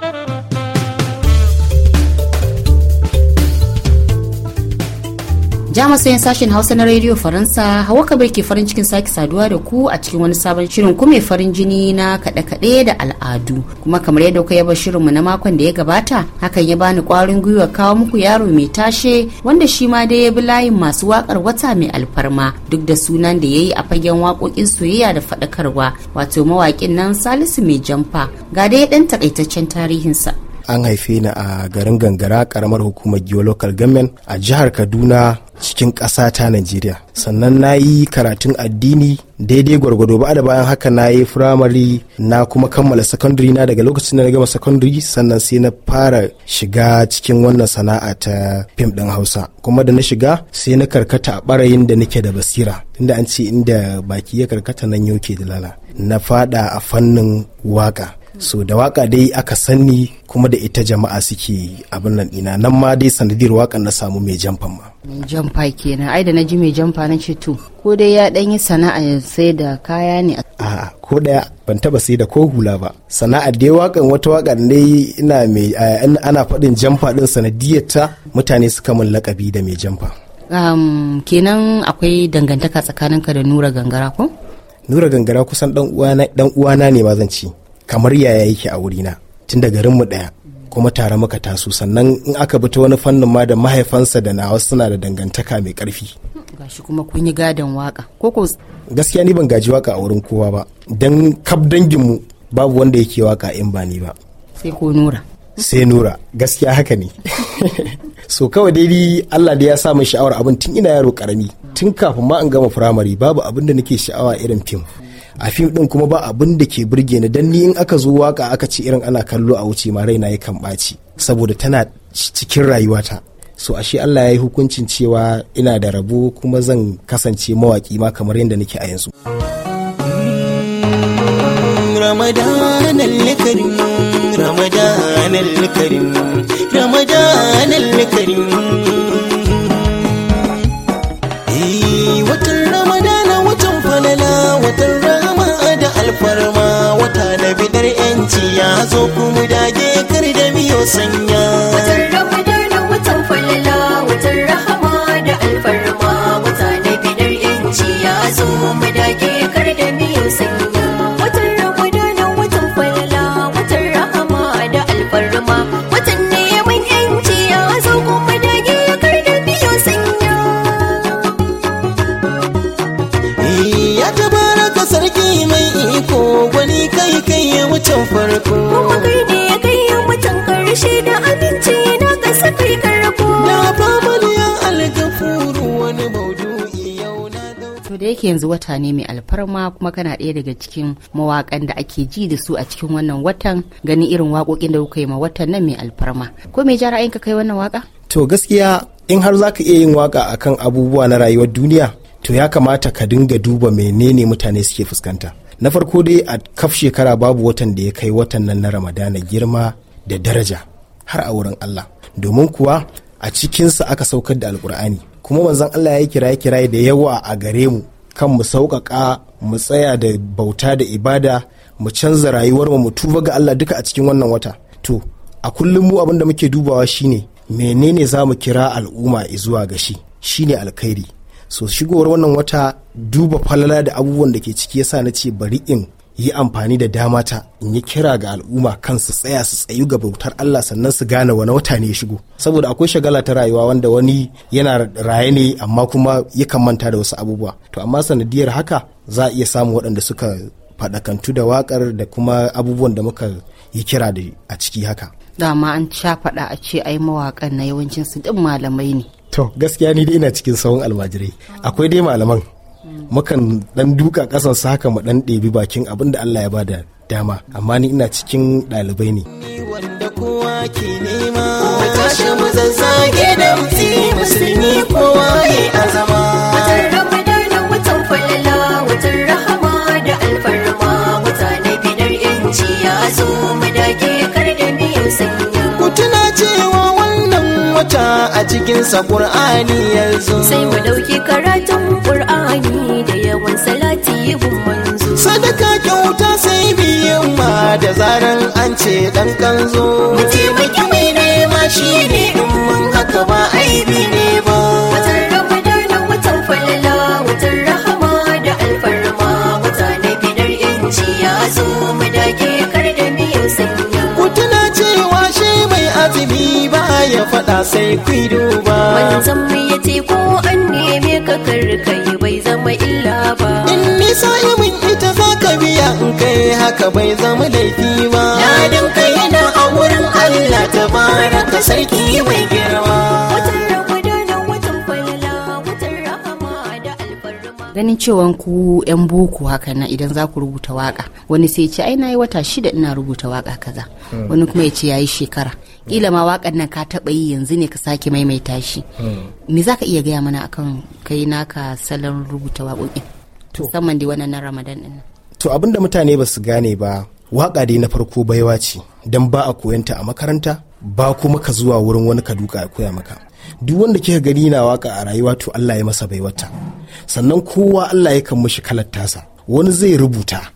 Thank you. jami'an sashen hausa na rediyo faransa hawa kabir ke farin cikin sake saduwa da ku a cikin wani sabon shirin kuma mai farin jini na kaɗe-kaɗe da al'adu kuma kamar yadda kuka yaba shirinmu na makon da ya gabata hakan ya bani kwarin gwiwa kawo muku yaro mai tashe wanda shi ma dai ya bi layin masu wakar wata mai alfarma duk da sunan da ya yi a fagen waƙoƙin soyayya da faɗakarwa wato mawaƙin nan salisu mai jamfa ga dai ɗan takaitaccen tarihinsa. an haife ni a garin gangara karamar hukumar giwa local government a jihar kaduna cikin ƙasa ta najeriya sannan na yi karatun addini daidai gwargwado ba da bayan haka na yi firamare na kuma kammala sakandare na daga lokacin da na gama sakandare sannan sai na fara shiga cikin wannan sana'a ta fim ɗin hausa kuma da na shiga sai na karkata a ɓarayin da nake da basira inda an ce inda baki ya karkata nan yau ke da lala na fada a fannin waka so da waka dai aka sani kuma da ita jama'a suke abin nan ina nan ma dai sanadiyar wakan na samu mai jamfan ma mai jamfa kenan ai da naji mai jamfa na ce to ko dai ya dan yi sana'a sai da kaya ne a ko da ban taba sai da ko hula ba sana'a dai wakan wata waka ne ina mai eh, ana faɗin jamfa ɗin sanadiyar ta mutane suka min lakabi da mai jamfa um, kenan akwai dangantaka tsakaninka da nura gangara ko nura gangara kusan dan uwana ne ma zan ci kamar yaya yake a wurina tun da garinmu ɗaya kuma tare muka taso sannan in aka bi ta wani fannin ma da mahaifansa da nawa suna da dangantaka mai ƙarfi gashi kuma kun yi gadon waka ko gaskiya ni ban gaji waka a wurin kowa ba dan kab danginmu babu wanda yake waka in ba ni ba sai ko nura sai nura gaskiya haka ne so kawai dai Allah da ya sa min sha'awar abin tun ina yaro karami tun kafin ma in gama firamare babu abin da nake sha'awa irin fim a fim ɗin kuma ba abin da ke burge ni dan ni in aka zo waka aka ce irin ana kallo a wuce ma raina yakan ɓaci saboda tana cikin rayuwata so ashe Allah ya yi hukuncin cewa ina da rabo kuma zan kasance mawaki ma kamar yadda nake a yanzu. Ramadan al-Karim Ramadan al-Karim lokaci ya zo kuma da yake yanzu wata ne mai alfarma kuma kana ɗaya daga cikin mawakan da ake ji da su a cikin wannan watan ganin irin waƙoƙin da kuka yi ma watan nan mai alfarma ko me jara ka kai wannan waka to gaskiya in har za ka iya yin waka akan abubuwa na rayuwar duniya to ya kamata ka dinga duba menene mutane suke fuskanta na farko dai a kaf shekara babu watan da ya kai watan nan na ramadana girma da daraja har a wurin allah domin kuwa a cikinsa aka saukar da alkur'ani kuma manzon Allah ya kira kiraye da yawa a gare mu kan mu sauƙaƙa mu tsaya da bauta da ibada mu canza rayuwar mu tuba ga Allah duka a cikin wannan wata to a kullum mu abin da muke dubawa shine menene za mu kira al'umma zuwa ga shi shine alkhairi so shigowar wannan wata duba falala da abubuwan da ke ciki yasa na ce bari in yi amfani da dama ta in yi kira ga al'umma kan su tsaya su tsayu ga bautar Allah sannan su gane wani wata ne ya shigo saboda akwai shagala ta rayuwa wanda wani yana raye ne amma kuma yakan manta da wasu abubuwa to amma sanadiyar haka za a iya samun waɗanda suka faɗakantu da waƙar da kuma abubuwan da muka yi kira da a ciki haka dama an sha faɗa a ce ai mawaƙan na yawancin su din malamai ne to gaskiya ni dai ina cikin sawun almajirai akwai dai malaman mukan dan duka kasan sa haka mu dan ɗebi bakin abin da Allah ya ba da dama amma ni ina cikin ɗalibai ne wanda kowa ke nema tashi mu zazzage da mutsi musulmi kowa a azama watan ramadan watan falala watan rahama da alfarma wata na bidar yanci ya zo mai mota a cikinsa sa Qur'ani yanzu sai mu ɗauki karatun Qur'ani da yawan salati gun manzo sadaka kyauta sai biyan ma da zaran an ce dan kanzo mu ce mu mai nema shi ne in mun haka ba aibi ne ba sai ku duba manzon ya yace ko an neme ka karkai bai zama illa ba in misali mun ita za ka biya in kai haka bai zama laifi ba ladin kai yana a wurin Allah tabaraka sarki mai girma ganin cewa ku yan boko haka na idan za ku rubuta waka wani sai ce ai yi wata shida ina rubuta waka kaza hmm. wani kuma ya ce yayi shekara kila hmm. ma wakan nan ka taba yi yanzu ne ka sake maimaita shi hmm. me zaka iya gaya mana akan kai naka salon rubuta to musamman da wannan na ramadan din to abinda mutane ba su gane ba waka dai na farko baiwa ce dan ba a koyanta a makaranta ba kuma ka zuwa wurin wani ka duka a koya maka duk wanda kika gani na waka a rayuwa to Allah ya masa baiwata sannan kowa Allah ya kan mishi kalar tasa wani zai rubuta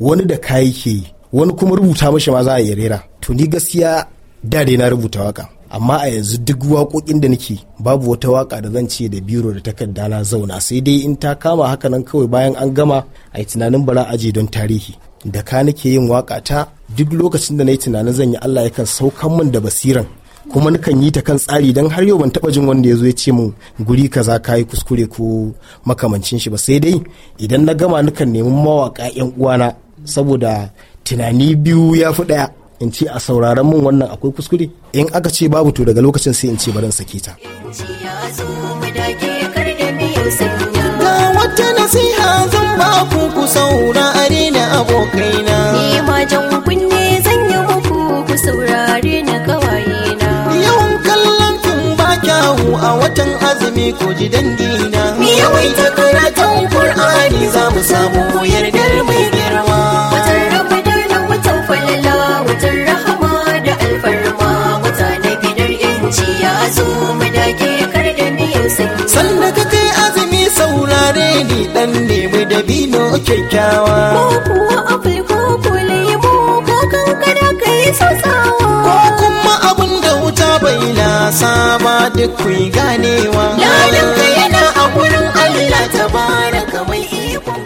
wani da kayi ke yi wani kuma rubuta mashi ma za a rera to ni gaskiya da dai na rubuta waka amma a yanzu duk waƙoƙin da nake babu wata waka da zan ce da biro da takarda na zauna sai dai in ta kama haka nan kawai bayan an gama a yi tunanin bara aje don tarihi da ka nake yin waka ta duk lokacin da na yi tunanin zan yi Allah yakan saukan min da basiran kuma nukan yi ta kan tsari don har yau ban taba jin wanda ya zo ya ce min guri kaza ka yi kuskure ko makamancin shi ba sai dai idan na gama nukan nemi mawaka yan uwana saboda tunani biyu ya fi daya in ce a sauraron min wannan akwai kuskure in aka ce babu to daga lokacin sai in ce barin sake ta ga wata nasiha zan ba ku ku abokaina a watan azumi ko ji dangi na mu yawaita karatun Kur'ani za mu samu yardar mai girma watan ramadan da watan falala watan rahama da alfarma wata na gidan yanci ya zo mu dage kar da miyan sanyi Sanda ka kai azumi saurare ni dan nemi dabino kyakkyawa ko kuwa duk ku yi ganewa ladanka yana a gurin Allah tabaraka mai ikon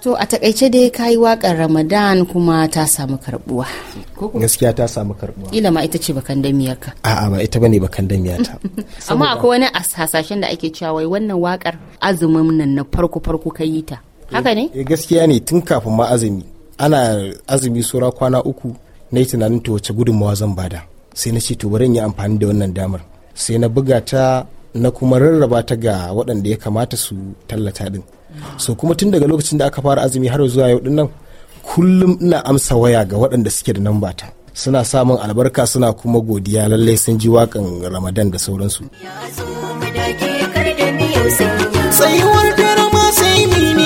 To a takaice dai ka yi waƙar Ramadan kuma ta samu karbuwa. Gaskiya ta samu karbuwa. Ila ma ita ce bakan damiyar ka. A'a ba ita bane bakan damiyar ta. Amma akwai wani hasashen da ake cewa wai wannan waƙar azumin nan na farko farko ka yi ta. Haka ne? Eh, gaskiya ne tun kafin ma azumi. Ana azumi sura kwana uku na yi tunanin to wace gudunmawa zan bada. Sai na ce to bari in yi amfani da wannan damar. sai na buga ta na kuma rarraba ta ga waɗanda ya kamata su tallata din so kuma tun daga lokacin da aka fara azumi har zuwa yau dinnan kullum ina amsa waya ga waɗanda suke da nan ta suna samun albarka suna kuma godiya lallai sun ji wakan ramadan da sauransu tsayuwar sai mu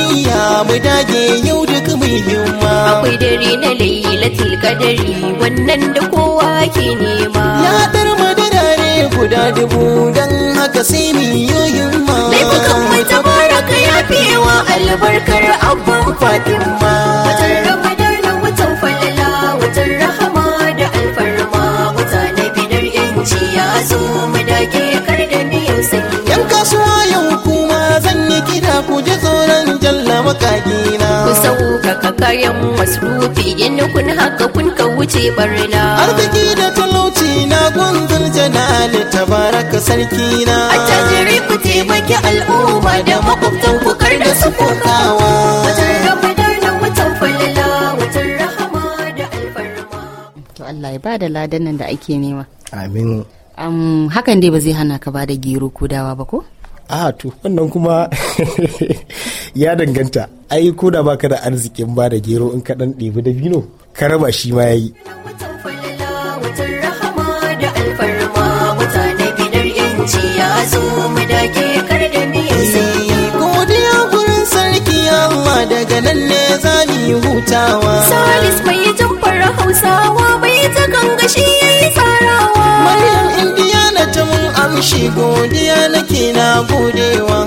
dage yau duk akwai dare na lailatul kadari wannan da kowa ke nema ladar madara kuda guda dubu don haka sai mu yoyin ma laifukan mai tabaraka ya fiye wa albarkar abban fatima kayan masrufi in kun haka kun ka wuce barna arziki da talauci na gundul janali tabaraka sarki na a tajiri ku taimaki al'umma da makwabtan ku kar da su kokawa Allah ya bada nan da ake nema. Amin. Um, hakan dai ba zai hana ka bada gero ko dawa ba ko? a to wannan kuma ya danganta ai ko da baka da arzikin ba da gero in ka dan ɗebi da bino ka raba shi ma yayi godiya gurin sarki Allah daga nan ne za ni hutawa salis mai jamfar hausawa bai ta gangashi yayi tsarawa maryam indiya na ta mun amshi godiya nake na godewa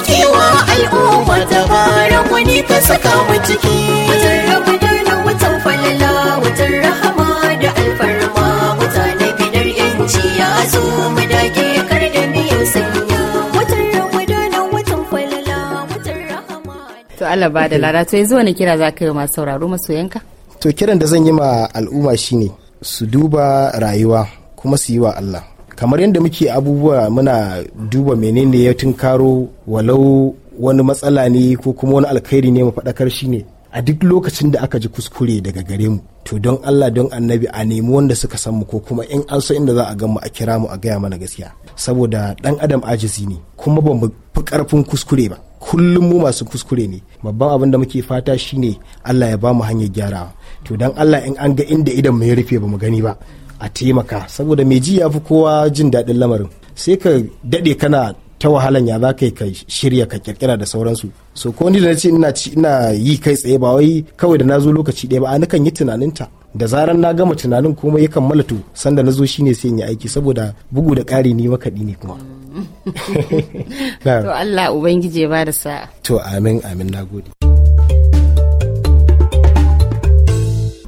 kake wa al'umma fara wani ka saka mu ciki watan rabudar da watan falala watan rahama da alfarma wata mutane bidar yanci ya zo mu dage kar da biyan sanya watan rabudar da watan falala watan rahama to Allah ba da lada to yanzu wani kira za ka yi masu sauraro masoyanka to kiran da zan yi ma al'umma shine su duba rayuwa kuma su yi wa Allah kamar yadda muke abubuwa muna duba menene ya tunkaro walau wani matsala ne ko kuma wani alkhairi ne mu faɗakar shi ne a duk lokacin da aka ji kuskure daga gare mu to don Allah don annabi a nemi wanda suka san mu ko kuma in an so inda za a gan mu a kira mu a gaya mana gaskiya saboda dan adam ajizi ne kuma ba mu fi karfin kuskure ba kullum mu masu kuskure ne babban abin da muke fata shine Allah ya ba mu hanyar gyarawa to don Allah in an ga inda idan mu ya rufe ba mu gani ba a taimaka saboda mai ji ya fi kowa jin daɗin lamarin sai ka daɗe kana ta wahalan ya za ka yi ka shirya ka kirkira da sauransu so ko ni da na ce ina ina yi kai tsaye ba wai kawai da na zo lokaci ɗaya ba a nakan yi tunaninta da zaran na gama tunanin komai ya kammala to sanda na zo ne sai in yi aiki saboda bugu da ƙari ni makaɗi ne kuma to Allah ubangije ba da sa'a to amin amin nagode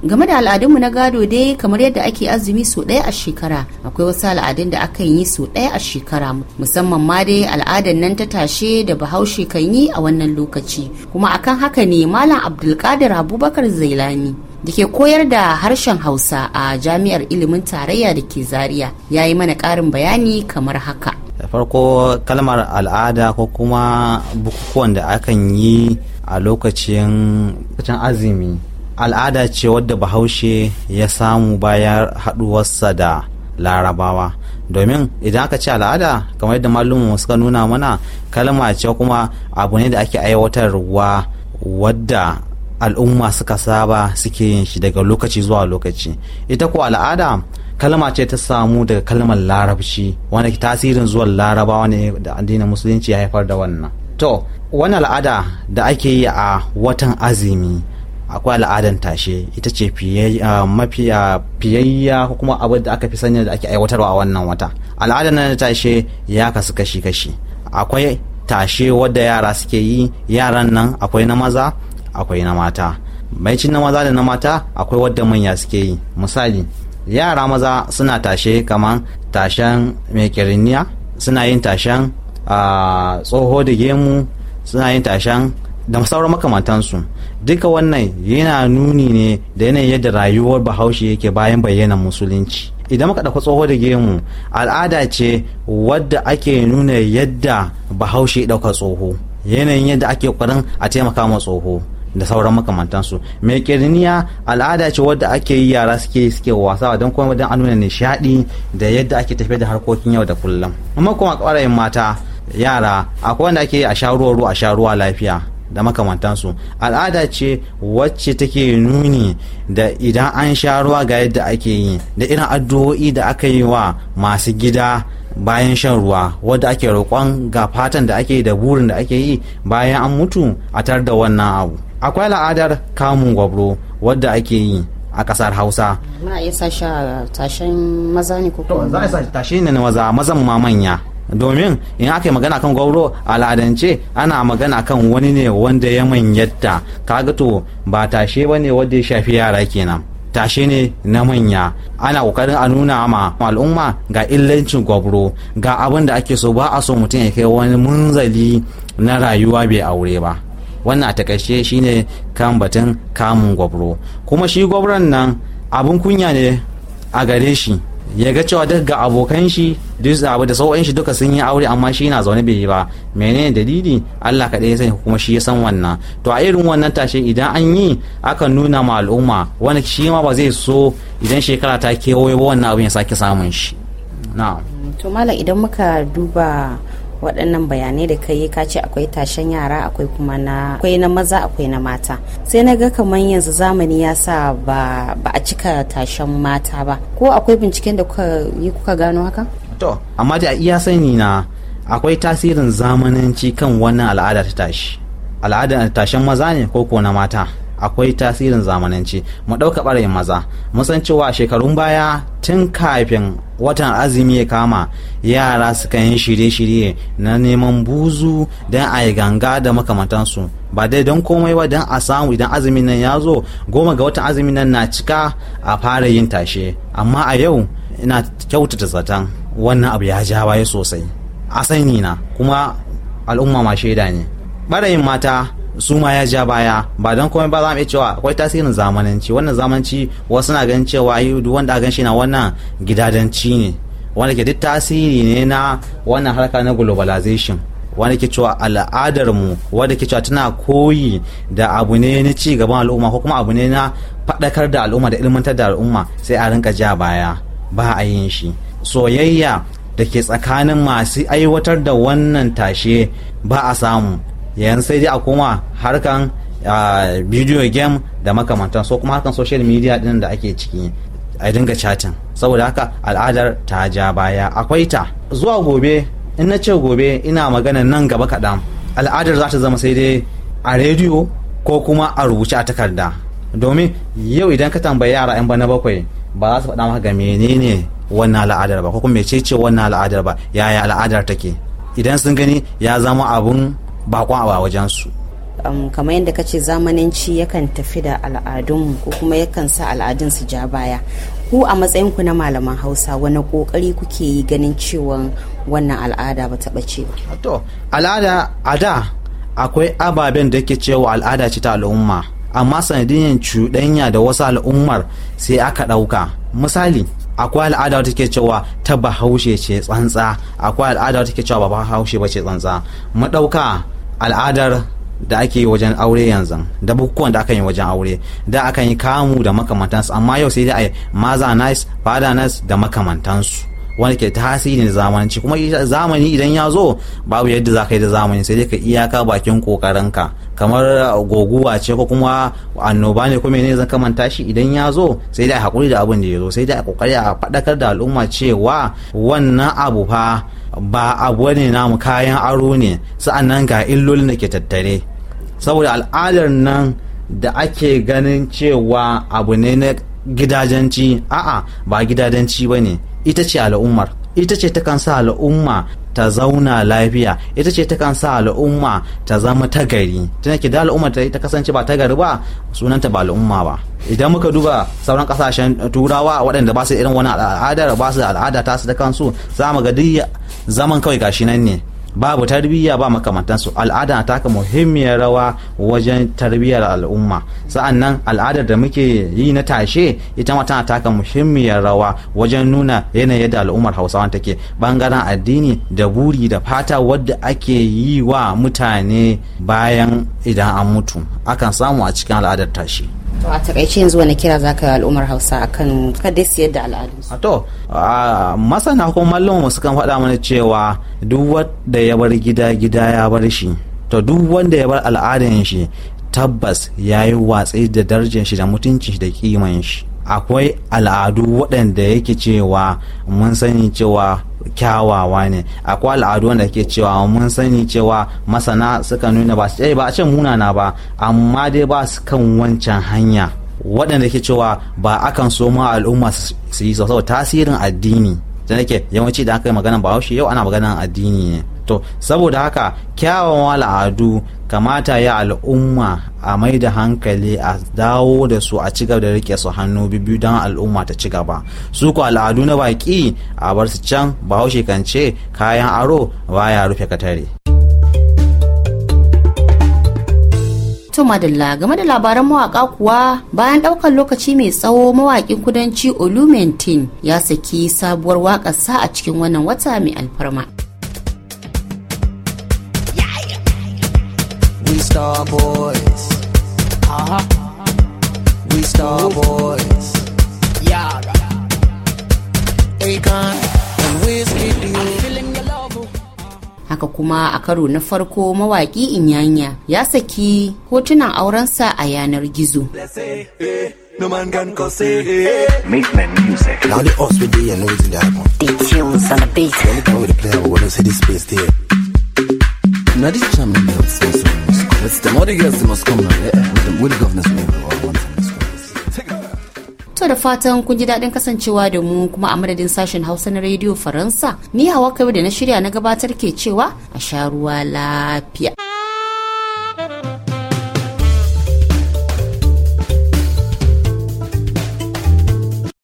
game da al'adunmu na gado dai kamar yadda ake azumi sau ɗaya a shekara akwai wasu al'adun da akan yi sau ɗaya a shekara musamman ma dai al'adar nan ta tashe da bahaushe kan yi a wannan lokaci kuma akan haka ne malam abdulkadir abubakar zailani da ke koyar da harshen hausa a jami'ar ilimin tarayya da ke zaria ya yi mana ƙarin bayani kamar haka farko kalmar al'ada ko kuma bukukuwan da akan yi a lokacin azumi al'ada ce wadda bahaushe ya samu bayan haɗuwarsa da larabawa domin idan aka ce al'ada kamar yadda malumin suka nuna mana kalma ce kuma abu ne da ake aiwatarwa wadda al'umma suka saba suke yin shi daga lokaci zuwa lokaci ita ko al'ada kalma ce ta samu daga kalmar larabci wanda tasirin zuwan larabawa ne da addinin musulunci ya haifar da wannan to wani al'ada da ake yi a watan azumi akwai al'adan tashe ita ce ah, ah, fiyayya ko kuma abin da aka fi sanya da ake aiwatarwa a wannan wata al'adan na tashe ya kasu kashi-kashi akwai tashe wadda yara suke yi yaran nan akwai na maza akwai na mata baicin na maza da na mata akwai wadda manya suke yi misali yara maza suna tashe kamar tashen mai suna yin tashen ah, tsoho da gemu suna yin tashen da sauran makamantansu duka wannan yana nuni ne da yanayin yadda rayuwar bahaushe yake bayan bayyana musulunci idan muka ɗauka tsoho da gemu al'ada ce wadda ake nuna yadda bahaushe ɗauka tsoho yanayin yadda ake ƙwarin a taimaka ma tsoho da sauran makamantansu mai kirniya al'ada ce wadda ake yi yara suke suke wasa don kuma wajen a nuna nishaɗi da yadda ake tafiya da harkokin yau da kullum amma kuma ƙwarayin mata yara akwai wanda ake yi a sha ruwa ruwa a sha ruwa lafiya da makamantansu al'ada ce wacce take nuni da idan an sha ruwa ga yadda ake yi da irin addu'o'i da aka yi wa masu gida bayan shan ruwa wadda ake roƙon ga fatan da ake yi da burin da ake yi bayan an mutu a tar da wannan abu akwai al'adar kamun gwabro wadda ake yi a kasar hausa muna iya sasha tashen maza ne ko za a sashen ne na maza mazan ma manya domin in aka yi magana kan gwauro al'adance ana magana kan wani ne wanda ya manyatta kaga to ba tashe ba ne wanda ya shafi yara kenan tashe ne na manya ana kokarin a nuna ma al'umma ga illancin gwabro ga abin da ake so ba a so mutum ya kai wani munzali na rayuwa bai aure ba wannan a takaice shine kan batun kamun gwabro kuma shi gwabron nan abin kunya ne a gare shi ya ga cewa duk ga abokan shi duk abu da sau'in shi duka sun yi aure amma shi na zaune bai yi ba menene dalili Allah kaɗai ya sani kuma shi ya san wannan to a irin wannan tashe idan an yi aka nuna ma al'umma wani shi ma ba zai so idan shekara ta kewaye ba wannan abin ya sake samun shi na'am to idan muka duba waɗannan bayanai da ka yi ka ce akwai tashen yara akwai kuma na akwai na maza akwai na mata sai na ga kamar yanzu zamani ya sa ba a cika tashen mata ba ko akwai binciken da kuka yi kuka gano haka to amma da iya sani na akwai tasirin zamananci kan wannan al'ada ta tashi al'adar tashen maza ne ko ko na mata akwai tasirin zamananci mu ɗauka ɓarayin maza mu san cewa shekarun baya tun kafin watan azumi ya kama yara suka yi shirye-shirye na neman buzu don a yi ganga da makamantansu ba dai don komai ba don a samu idan azumin nan ya zo goma ga watan azumin nan na cika a fara yin tashe amma a yau ina kyautata zaton wannan abu ya ja baya sosai a sani na kuma al'umma ma shaida ne ɓarayin mata su ma ya ja baya ba don komai ba za mu iya cewa akwai tasirin zamananci wannan zamanci wasu na ganin cewa duk wanda a gan shi na wannan gidadanci ne wanda ke duk tasiri ne na wannan harka na globalization wanda ke cewa al'adarmu wanda ke cewa tana koyi da abu ne na ci gaban al'umma ko kuma abu ne na faɗakar da al'umma da ilmantar da al'umma sai a rinka ja baya ba a yin shi soyayya da ke tsakanin masu aiwatar da wannan tashe ba a samu yanzu sai dai a koma harkan video game da makamantan so kuma harkan social media din da ake ciki a dinga chatting saboda haka al'adar ta ja baya akwai ta zuwa gobe in na ce gobe ina magana nan gaba kaɗan al'adar za ta zama sai dai a rediyo ko kuma a rubuce a takarda domin yau idan ka tambayi yara 'yan bana bakwai ba za su faɗa maka ga menene wannan al'adar ba ko kuma ce wannan al'adar ba yaya al'adar take idan sun gani ya zama abun bakon a wajensu um, kamar yadda ka ce zamananci yakan tafi da al'adun ko kuma yakan sa al'adun su ja baya ku a matsayin ku na malaman hausa wani kokari kuke yi ganin cewa wannan al'ada ba ta ɓace ba to al'ada a da akwai ababen da ke cewa al'ada ce ta al'umma amma sanadiyan cuɗanya da wasu al'ummar sai aka ɗauka misali akwai al'ada wata ke cewa ta bahaushe ce tsantsa akwai al'ada wata ke cewa ba bahaushe ba ce tsantsa mu ɗauka al'adar da ake yi wajen aure yanzu da bukukuwan da aka yi wajen aure da aka yi kamu da makamantansu amma yau sai dai a yi maza nice fada nice da makamantansu wanda ke tasirin zamanci kuma zamani idan ya zo babu yadda za ka yi da zamani sai dai ka iyaka bakin kokarinka kamar goguwa ce ko kuma annoba ne ko menene zan kamanta shi idan ya zo sai dai a hakuri da abin da ya zo sai dai a kokari a faɗakar da al'umma cewa wannan abu fa ba abu ne namu kayan aro ne sa'annan ga illolin da ke tattare saboda al'adar nan da ake ganin cewa abu ne na gidajenci a'a ba gidajenci ba ne ita ce al'ummar ita ce ta kan sa al'umma ta zauna lafiya ita ce takan sa al'umma ta zama ta gari tana ke da al'umma ta kasance ba ta gari ba sunanta ba al'umma ba idan muka duba sauran kasashen turawa waɗanda ba su irin wani al'ada ba su al'ada ta su da kansu za mu ga duk zaman kawai gashi nan ne babu tarbiyya ba makamantansu al'ada ta taka muhimmiyar rawa wajen tarbiyyar al'umma sa'annan al'adar da muke yi na tashe ita ma tana taka muhimmiyar rawa wajen nuna yanayin yadda al'ummar hausawa take bangaren addini da buri da fata wadda ake yi wa mutane bayan idan an mutu akan samu a cikin al'adar tashe to a takaice yanzu wani kira zaka yi al'ummar hausa akan kada siyar da al'adunsu to masana kuma mallon su kan faɗa mana cewa duk wanda ya bar gida gida ya bar shi to duk wanda ya bar al'adun shi tabbas ya yi watsi da darajar shi da mutunci da kiman shi akwai al'adu waɗanda yake cewa mun sani cewa kyawawa ne akwai al'adu wanda ke cewa mun sani cewa masana suka nuna ba su eh, ba a ce munana ba amma dai ba su kan wancan hanya waɗanda ke cewa ba akan so ma al'umma su yi sau tasirin addini da nake yawanci da aka yi maganan bahaushe yau ana maganan addini ne to saboda haka kyawawan al'adu kamata ya al'umma a mai da hankali a dawo da su a cigaba da rike su hannu biyu don al'umma ta ci gaba su ko al'adu na baki a bar su can bahaushe kan ce kayan aro ba ya rufe katare. to madalla game da labaran mawaka kuwa bayan daukan lokaci mai tsawo mawakin kudanci olumentin ya saki sabuwar waƙarsa a cikin wannan wata mai alfarma. star boys. Uh huh. We star boys. Yeah. Akon and Whiskey I'm feeling your love. Oh. haka kuma a karo na farko mawaki inyanya ya saki hotunan aurensa a yanar gizo eh, eh. Na Letzte die Gäste muss kommen, mit dem To da fatan kun ji daɗin kasancewa da mu kuma a madadin sashen Hausa na Radio Faransa, ni hawa kai da na shirya na gabatar ke cewa a sha ruwa lafiya.